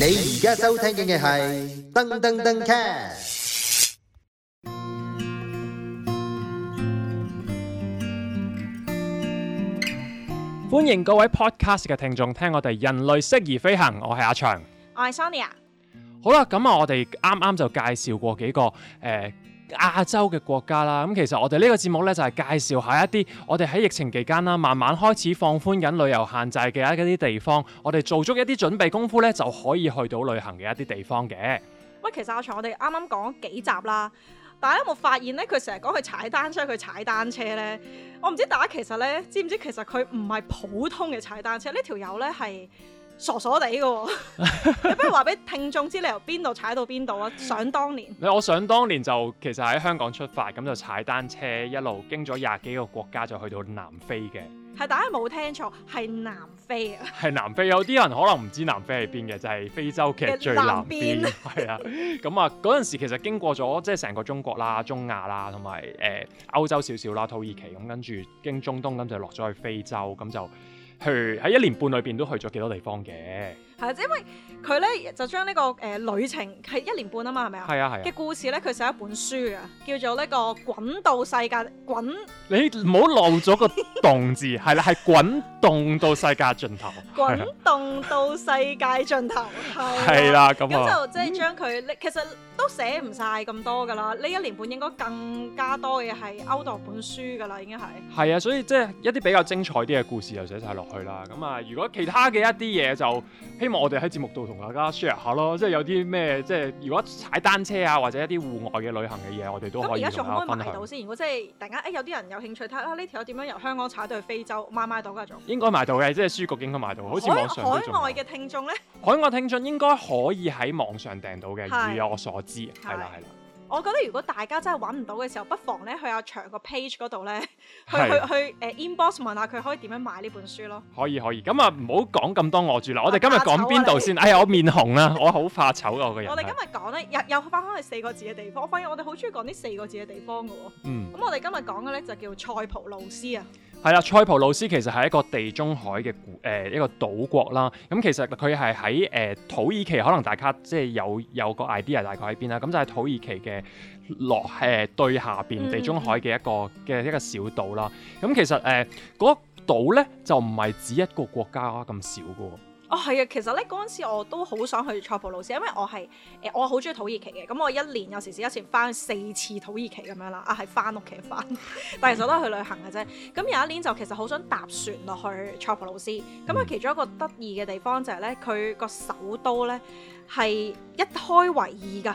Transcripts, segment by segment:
你而家收聽嘅係登登登 cast，歡迎各位 podcast 嘅聽眾，聽我哋人類適宜飛行，我係阿祥，我係 Sonia。好啦，咁啊，我哋啱啱就介紹過幾個誒。亞洲嘅國家啦，咁其實我哋呢個節目呢，就係介紹下一啲我哋喺疫情期間啦，慢慢開始放寬緊旅遊限制嘅一啲地方，我哋做足一啲準備功夫呢，就可以去到旅行嘅一啲地方嘅。喂，其實阿財，我哋啱啱講幾集啦，大家有冇發現呢？佢成日講去踩單車，去踩單車呢？我唔知大家其實呢，知唔知，其實佢唔係普通嘅踩單車，這個、呢條友呢，係。傻傻地嘅、哦， 你不如話俾聽眾知你由邊度踩到邊度啊！想當年，你 我想當年就其實喺香港出發，咁就踩單車一路經咗廿幾個國家，就去到南非嘅。係，大家冇聽錯，係南非啊！係南非，有啲人可能唔知南非係邊嘅， 就係非洲嘅最南邊。係啊， 咁啊，嗰陣時其實經過咗即係成個中國啦、中亞啦，同埋誒歐洲少，少少啦、土耳其，咁跟住經中東，咁就落咗去非洲，咁就。去 一年半裏邊都去咗幾多地方嘅。係，即因為佢咧就將呢、這個誒、呃、旅程係一年半啊嘛，係咪啊？係啊係。嘅故事咧，佢寫一本書啊，叫做呢、這個《滾到世界滾》。你唔好漏咗個動字，係啦、 啊，係滾動到世界盡頭。滾動到世界盡頭。係 啊。係啦，咁咁就即係將佢，其實都寫唔晒咁多噶啦。呢一年半應該更加多嘅係歐盃本書噶啦，已經係。係啊，所以即係一啲比較精彩啲嘅故事又寫晒落去啦。咁啊，如果其他嘅一啲嘢就希望我哋喺節目度同大家 share 下咯，即係有啲咩，即係如果踩單車啊，或者一啲戶外嘅旅行嘅嘢，我哋都可以同大家分享。咁而家仲可以買到先，如果即係突然間，哎，有啲人有興趣睇下呢條點樣由香港踩到去非洲買買到嘅仲應該買到嘅，即係書局應該買到，好似網上海,海外嘅聽眾咧，海外聽眾應該可以喺網上訂到嘅，如是我所知，係啦，係啦。我覺得如果大家真係揾唔到嘅時候，不妨咧去阿長個 page 嗰度咧，去、啊、去是的 去誒 inbox 問下佢可以點樣買呢本書咯。可以可以，咁啊唔好講咁多我住啦。怕怕啊、我哋今日講邊度先？哎呀，我面紅啦，我好怕醜啊我個人。 我哋今日講咧，又又翻返去四個字嘅地方。我發現我哋好中意講呢四個字嘅地方嘅喎。嗯。咁我哋今日講嘅咧就叫做塞浦路斯啊。係啦，塞浦路斯其實係一個地中海嘅誒、呃、一個島國啦。咁、嗯、其實佢係喺誒土耳其，可能大家即係有有個 idea 大概喺邊啦。咁、嗯、就係、是、土耳其嘅落誒對下邊地中海嘅一個嘅一個小島啦。咁、嗯嗯嗯、其實誒嗰、呃那個、島咧就唔係指一個國家咁少嘅。哦，係啊，其實咧嗰陣時我都好想去塞浦路斯，因為我係誒、呃、我好中意土耳其嘅，咁我一年有時試一次翻四次土耳其咁樣啦，啊係翻屋企翻，但係其實都係去旅行嘅啫。咁有一年就其實好想搭船落去塞浦路斯，咁啊其中一個得意嘅地方就係咧佢個首都咧係一開為二㗎，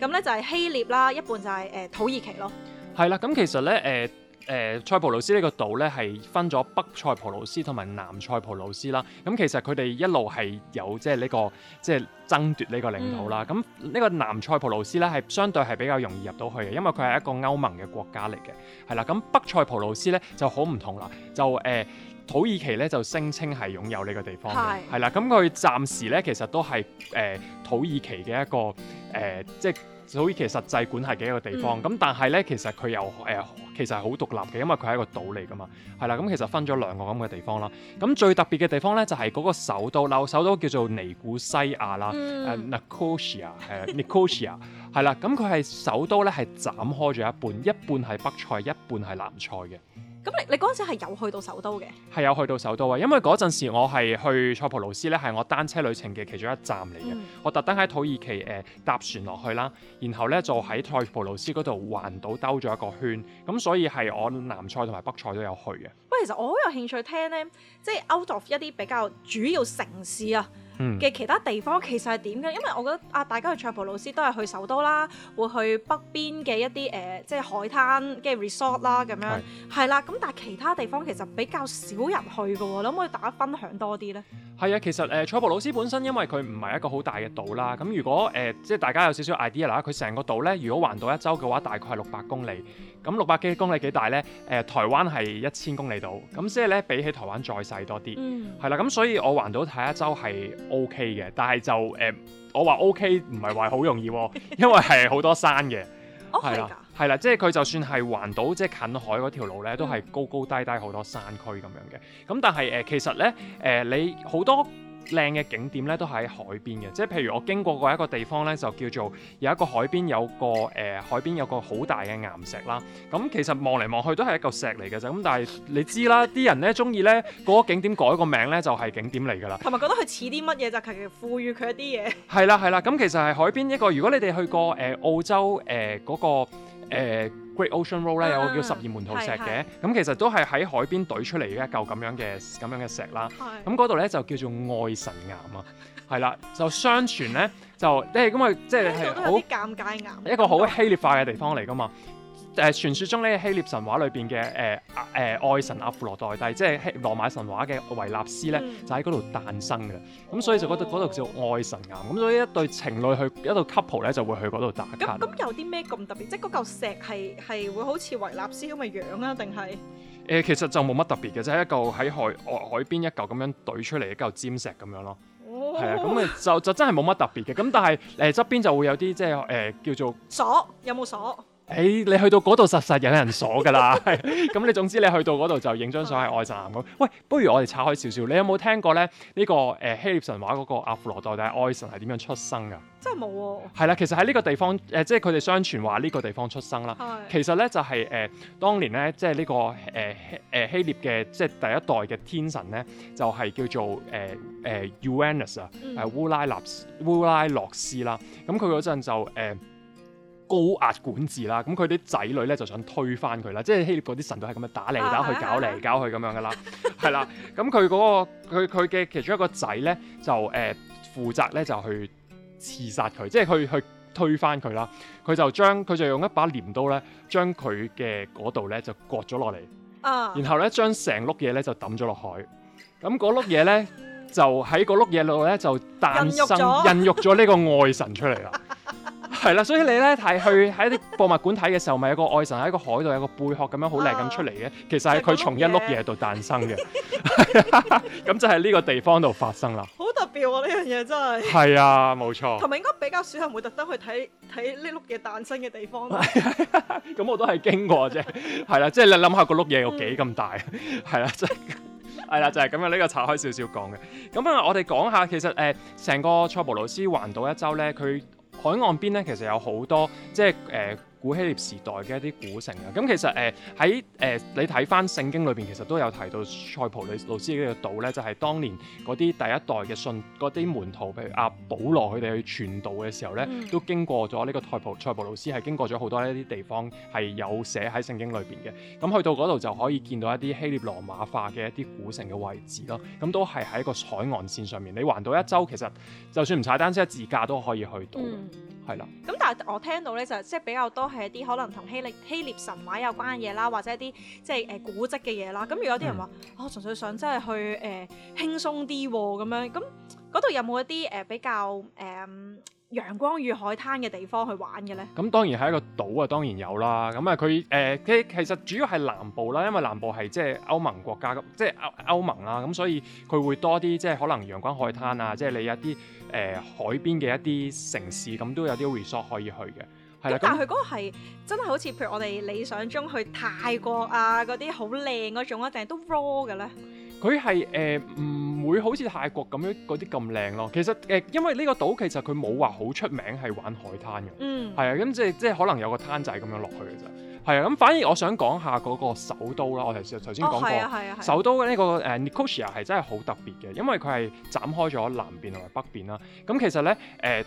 咁咧就係希臘啦，一半就係、是、誒、呃、土耳其咯，係啦，咁其實咧誒。呃誒、呃、塞浦路斯呢個島咧係分咗北塞浦路斯同埋南塞浦路斯啦，咁其實佢哋一路係有即係呢個即係、即係、爭奪呢個領土啦。咁呢、嗯、個南塞浦路斯咧係相對係比較容易入到去嘅，因為佢係一個歐盟嘅國家嚟嘅，係啦。咁北塞浦路斯咧就好唔同啦，就誒、呃、土耳其咧就聲稱係擁有呢個地方嘅，係啦的。咁佢暫時咧其實都係誒、呃、土耳其嘅一個誒、呃、即係。所以其實際管係幾個地方，咁、嗯、但係咧，其實佢又誒，其實係好獨立嘅，因為佢係一個島嚟㗎嘛，係啦，咁其實分咗兩個咁嘅地方啦。咁最特別嘅地方咧，就係、是、嗰個首都，嗱、呃，首都叫做尼古西亞啦，誒、嗯 uh,，Nicosia，n、 uh, Nicosia 係啦，咁佢係首都咧，係斬開咗一半，一半係北塞，一半係南塞嘅。咁你你嗰陣時係有去到首都嘅？係有去到首都啊，因為嗰陣時我係去塞浦路斯咧，係我單車旅程嘅其中一站嚟嘅。嗯、我特登喺土耳其誒、呃、搭船落去啦，然後咧就喺塞浦路斯嗰度環島兜咗一個圈，咁所以係我南塞同埋北塞都有去嘅。喂，其實我好有興趣聽咧，即係 out of 一啲比較主要城市啊。嘅、嗯、其他地方其實係點嘅？因為我覺得啊，大家去塞浦路斯都係去首都啦，會去北邊嘅一啲誒、呃，即係海灘嘅 resort 啦，咁樣係是啦。咁但係其他地方其實比較少人去嘅喎，諗唔可以大家分享多啲咧？係啊，其實誒，塞浦路斯本身因為佢唔係一個好大嘅島啦。咁如果誒、呃，即係大家有少少 idea 啦，佢成個島咧，如果環島一周嘅話，大概係六百公里。咁六百幾公里幾大咧？誒、呃，台灣係一千公里度。咁即係咧，比起台灣再細多啲。係啦、嗯，咁所以我環島睇一周係 OK 嘅，但係就誒、呃，我話 OK 唔係話好容易，因為係好多山嘅，係啦 的。係啦，即係佢就算係環島即係近海嗰條路咧，都係高高低低好多山區咁樣嘅。咁但係誒、呃，其實咧誒、呃，你好多靚嘅景點咧都喺海邊嘅。即係譬如我經過過一個地方咧，就叫做有一個海邊，有個誒、呃、海邊有個好大嘅岩石，啊、看看石啦。咁其實望嚟望去都係一嚿石嚟嘅啫。咁但係你知啦，啲人咧中意咧嗰個景點改個名咧就係景點嚟㗎啦。同埋覺得佢似啲乜嘢就係近嗯、其實賦予佢一啲嘢。係啦係啦，咁其實係海邊一個。如果你哋去過誒、呃、澳洲誒嗰、呃那個。誒、呃、Great Ocean Road 咧、啊、有個叫十二門徒石嘅，咁是、嗯、其實都係喺海邊對出嚟嘅一嚿咁樣嘅咁樣嘅石啦。咁嗰度咧就叫做愛神岩啊，係啦， 就相傳咧就誒咁啊，即係係好尷尬岩，一個好希臘化嘅地方嚟噶嘛。誒，傳説中咧希臘神話裏邊嘅誒誒愛神阿芙羅代蒂，即係羅馬神話嘅維納斯咧，嗯、就喺嗰度誕生嘅。咁所以就嗰度嗰度叫愛神岩。咁所以一對情侶去一度 couple 咧，就會去嗰度打卡。咁，咁有啲咩咁特別？即係嗰嚿石係係會好似維納斯咁嘅樣啊？定係誒？其實就冇乜特別嘅，就係一嚿喺海海邊一嚿咁樣懟出嚟嘅一嚿尖石咁樣咯。哦，係啊，咁誒就就真係冇乜特別嘅。咁但係誒側邊就會有啲即係誒叫做鎖，有冇鎖？誒，你去到嗰度實實有人鎖噶啦，咁你總之你去到嗰度就影張相喺愛神岩咁。喂，不如我哋拆開少少。你有冇聽過咧？呢個誒希臘神話嗰個阿佛羅代蒂愛神係點樣出生噶？真係冇喎。係啦，其實喺呢個地方誒，即係佢哋相傳話呢個地方出生啦。其實咧就係誒，當年咧即係呢個誒誒希臘嘅即係第一代嘅天神咧，就係叫做誒誒 Uranus 啊，誒烏拉納烏拉諾斯啦。咁佢嗰陣就誒。高壓管治啦，咁佢啲仔女咧就想推翻佢啦，即係希臘嗰啲神都係咁樣打嚟打去， 搞嚟搞去咁樣噶啦，係啦， 咁佢嗰個佢佢嘅其中一個仔咧就誒、呃、負責咧就去刺殺佢，即係去去推翻佢啦。佢就將佢就用一把鐮刀咧將佢嘅嗰度咧就割咗落嚟， 然後咧將成碌嘢咧就抌咗落海，咁嗰碌嘢咧就喺嗰碌嘢度咧就誕生孕育咗呢個愛神出嚟啦。 係啦，所以你咧提去喺啲博物館睇嘅時候，咪有個愛神喺個海度有個貝殼咁樣好靚咁出嚟嘅，其實係佢從一碌嘢度誕生嘅。咁就喺呢個地方度發生啦。好 envy 特別喎，呢樣嘢真係。係啊，冇錯。同埋應該比較少人會特登去睇睇呢碌嘢誕生嘅地方。咁我都係經過啫。係啦，即係你諗下個碌嘢有幾咁大？係 trif 啦 lek ately 84，即係係啦，就係咁樣呢個拆開少少講嘅。咁啊，我哋講下其實誒成、uh，個塞浦路斯環島一周咧，佢。海岸邊呢，其實有好多即係誒。呃古希臘時代嘅一啲古城啊，咁其實誒喺誒你睇翻聖經裏邊，其實都有提到塞浦路斯呢個島咧，就係、是、當年嗰啲第一代嘅信嗰啲門徒，譬如阿保羅佢哋去傳道嘅時候咧，嗯、都經過咗呢個塞浦塞浦路斯，係經過咗好多一啲地方係有寫喺聖經裏邊嘅。咁去到嗰度就可以見到一啲希臘羅馬化嘅一啲古城嘅位置咯。咁都係喺一個海岸線上面，你環島一周，其實就算唔踩單車自駕都可以去到。嗯係咁，但係我聽到咧就即係比較多係一啲可能同希臘希臘神話有關嘅嘢啦，或者一啲即係誒古蹟嘅嘢啦。咁如果有啲人話啊、嗯哦，純粹想真係去誒、呃、輕鬆啲喎咁樣咁。嗰度有冇一啲誒比較誒陽光與海灘嘅地方去玩嘅咧？咁當然係一個島啊，當然有啦。咁啊，佢誒，其實主要係南部啦，因為南部係即係歐盟國家，即係歐盟啦，咁所以佢會多啲即係可能陽光海灘啊，即係你一啲誒海邊嘅一啲城市，咁都有啲 resort 可以去嘅。咁但係佢嗰個係真係好似譬如我哋理想中去泰國啊嗰啲好靚嗰種啊，定係都 raw 嘅咧？佢係誒唔？會好似泰國咁樣嗰啲咁靚咯，其實誒、呃，因為呢個島其實佢冇話好出名係玩海灘嘅，嗯，係啊，咁即係即係可能有個灘仔咁樣落去嘅啫，係啊，咁反而我想講下嗰個首都啦，我哋其實頭先講過，哦、首都呢、呢個誒、呃、Nicosia 係真係好特別嘅，因為佢係斬開咗南邊同埋北邊啦，咁其實咧誒。呃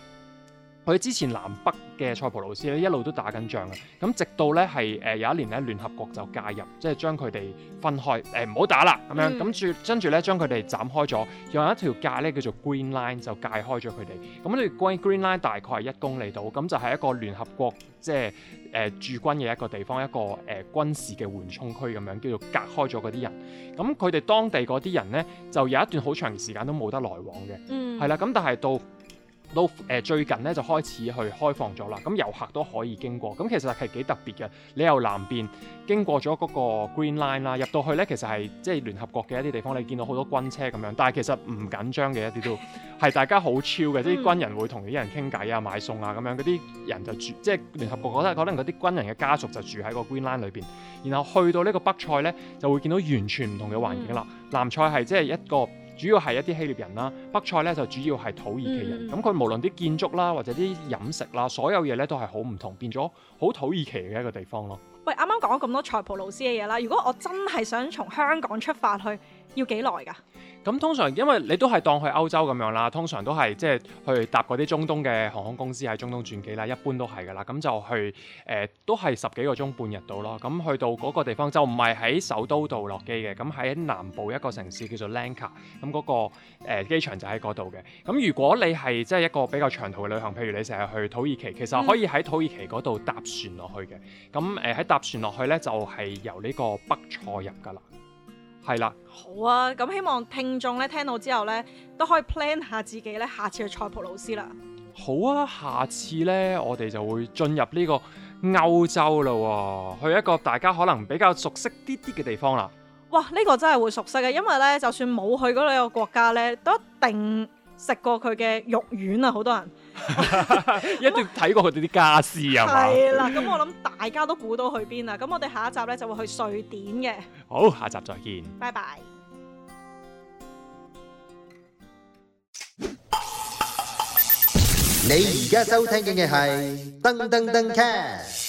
佢之前南北嘅塞浦路斯咧一路都打緊仗嘅，咁直到咧係誒有一年咧聯合國就介入，即係將佢哋分開，誒唔好打啦咁樣，咁住跟住咧將佢哋斬開咗，用一條界咧叫做 Green Line 就界開咗佢哋。咁呢條 Green Line 大概係一公里度，咁就係一個聯合國即係誒、呃、駐軍嘅一個地方，一個誒、呃、軍事嘅緩衝區咁樣，叫做隔開咗嗰啲人。咁佢哋當地嗰啲人咧就有一段好長時間都冇得來往嘅，係啦、嗯。咁但係到都、呃、最近咧就開始去開放咗啦，咁、嗯、遊客都可以經過。咁、嗯、其實係幾特別嘅，你由南邊經過咗嗰個 Green Line 啦，入到去咧其實係即係聯合國嘅一啲地方，你見到好多軍車咁樣，但係其實唔緊張嘅一啲都係 大家好 chill 嘅，即係啲軍人會同啲人傾偈啊、買餸啊咁樣。嗰啲人就住即係聯合國覺得可能嗰啲軍人嘅家屬就住喺個 Green Line 裏邊，然後去到呢個北塞咧就會見到完全唔同嘅環境啦。 南塞係即係一個。主要係一啲希臘人啦，北塞咧就主要係土耳其人。咁佢、嗯、無論啲建築啦，或者啲飲食啦，所有嘢咧都係好唔同，變咗好土耳其嘅一個地方咯。喂，啱啱講咗咁多塞浦路斯嘅嘢啦，如果我真係想從香港出發去，要幾耐㗎？咁通常因為你都係當去歐洲咁樣啦，通常都係即係去搭嗰啲中東嘅航空公司喺中東轉機啦，一般都係㗎啦。咁就去誒、呃、都係十幾個鐘半日到咯。咁去到嗰個地方就唔係喺首都度落機嘅，咁喺南部一個城市叫做 Lanka，咁嗰、嗰個誒機、呃、場就喺嗰度嘅。咁如果你係即係一個比較長途嘅旅行，譬如你成日去土耳其，其實可以喺土耳其嗰度搭船落去嘅。咁誒喺搭船落去咧，就係、是、由呢個北塞入㗎啦。係啦，好啊，咁希望聽眾咧聽到之後咧，都可以 plan 下自己咧下次去塞浦路斯啦。好啊，下次咧我哋就會進入呢個歐洲啦、啊，去一個大家可能比較熟悉啲啲嘅地方啦。哇，呢、這個真係會熟悉嘅，因為咧就算冇去嗰兩個國家咧，都一定。食過佢嘅肉丸啊，好多人一定睇過佢哋啲家私啊，係啦。咁我諗大家都估到去邊啦。咁我哋下一集咧就會去瑞典嘅。好，下一集再見。拜拜。你而家收聽緊嘅係噔噔噔 c